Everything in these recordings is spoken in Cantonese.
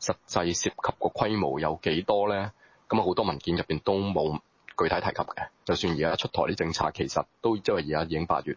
實際涉及個規模有幾多咧？咁、嗯、啊，好多文件入面都冇具體提及嘅。就算而家出台啲政策，其實都即係而家已經八月。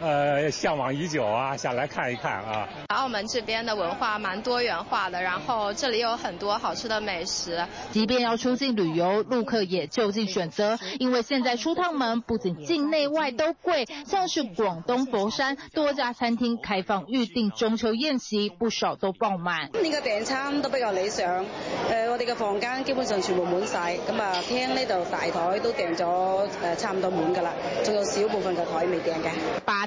呃，嚮往已久啊，想來看一看啊。澳門這邊的文化蠻多元化的，然後這裏有很多好吃的美食。即便要出境旅遊，陸客也就近選擇，因為現在出趟門不僅境內外都貴，像是廣東佛山多家餐廳開放預定中秋宴席，不少都爆滿。今年嘅訂餐都比較理想，呃，我哋嘅房間基本上全部滿晒，咁啊，廳呢度大台都訂咗誒，差唔多滿噶啦，仲有小部分嘅台未訂嘅。